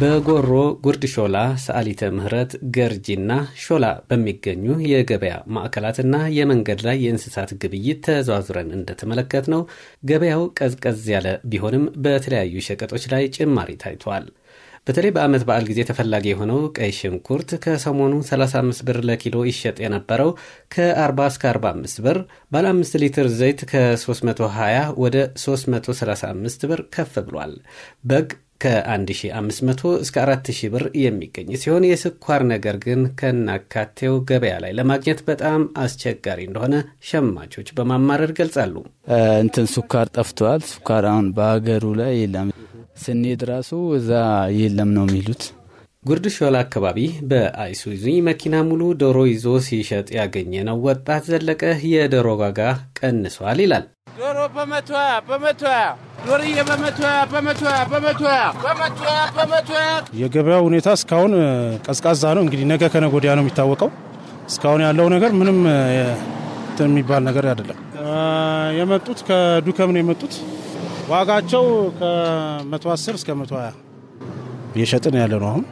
በጎሮ ጉርድ ሾላ፣ ሰዓሊተ ምህረት፣ ገርጂና ሾላ በሚገኙ የገበያ ማዕከላትና የመንገድ ላይ የእንስሳት ግብይት ተዘዋዙረን እንደተመለከት ነው ገበያው ቀዝቀዝ ያለ ቢሆንም በተለያዩ ሸቀጦች ላይ ጭማሪ ታይቷል። በተለይ በአመት በዓል ጊዜ ተፈላጊ የሆነው ቀይ ሽንኩርት ከሰሞኑ 35 ብር ለኪሎ ይሸጥ የነበረው ከ40 እስከ 45 ብር፣ ባለ 5 ሊትር ዘይት ከ320 ወደ 335 ብር ከፍ ብሏል። በግ ከ1500 እስከ 4000 ብር የሚገኝ ሲሆን የስኳር ነገር ግን ከናካቴው ገበያ ላይ ለማግኘት በጣም አስቸጋሪ እንደሆነ ሸማቾች በማማረር ገልጻሉ። እንትን ስኳር ጠፍተዋል። ስኳር አሁን በሀገሩ ላይ የለም። ስንሄድ ራሱ እዛ የለም ነው የሚሉት። ጉርድ ሾላ አካባቢ በአይሱዙ መኪና ሙሉ ዶሮ ይዞ ሲሸጥ ያገኘ ነው ወጣት ዘለቀ የዶሮ ዋጋ ቀንሷል ይላል። ዶሮ በመቶ በመቶ ዶርዬ በመቶያ በመቶያ በመቶያ በመቶያ በመቶያ። የገበያው ሁኔታ እስካሁን ቀዝቃዛ ነው። እንግዲህ ነገ ከነገ ወዲያ ነው የሚታወቀው። እስካሁን ያለው ነገር ምንም የሚባል ነገር አይደለም። የመጡት ከዱከም ነው የመጡት። ዋጋቸው ከ110 እስከ 120 እየሸጥን ያለ ነው። አሁን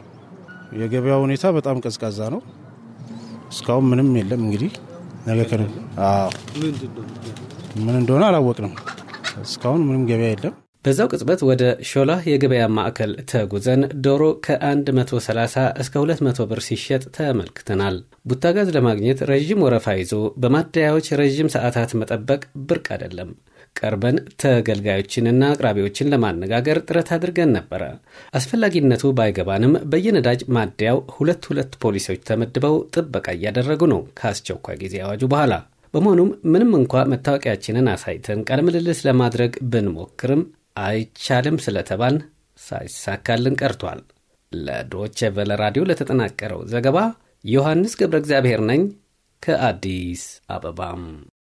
የገበያው ሁኔታ በጣም ቀዝቃዛ ነው። እስካሁን ምንም የለም። እንግዲህ ነገ ምን እንደሆነ አላወቅንም። እስካሁን ምንም ገበያ የለም። በዛው ቅጽበት ወደ ሾላ የገበያ ማዕከል ተጉዘን ዶሮ ከ130 እስከ 200 ብር ሲሸጥ ተመልክተናል። ቡታጋዝ ለማግኘት ረዥም ወረፋ ይዞ በማደያዎች ረዥም ሰዓታት መጠበቅ ብርቅ አይደለም። ቀርበን ተገልጋዮችንና አቅራቢዎችን ለማነጋገር ጥረት አድርገን ነበረ። አስፈላጊነቱ ባይገባንም በየነዳጅ ማደያው ሁለት ሁለት ፖሊሶች ተመድበው ጥበቃ እያደረጉ ነው ከአስቸኳይ ጊዜ አዋጁ በኋላ በመሆኑም ምንም እንኳ መታወቂያችንን አሳይተን ቃለ ምልልስ ለማድረግ ብንሞክርም አይቻልም ስለተባልን ሳይሳካልን ቀርቷል። ለዶቼ ቬለ ራዲዮ ለተጠናቀረው ዘገባ ዮሐንስ ገብረ እግዚአብሔር ነኝ ከአዲስ አበባም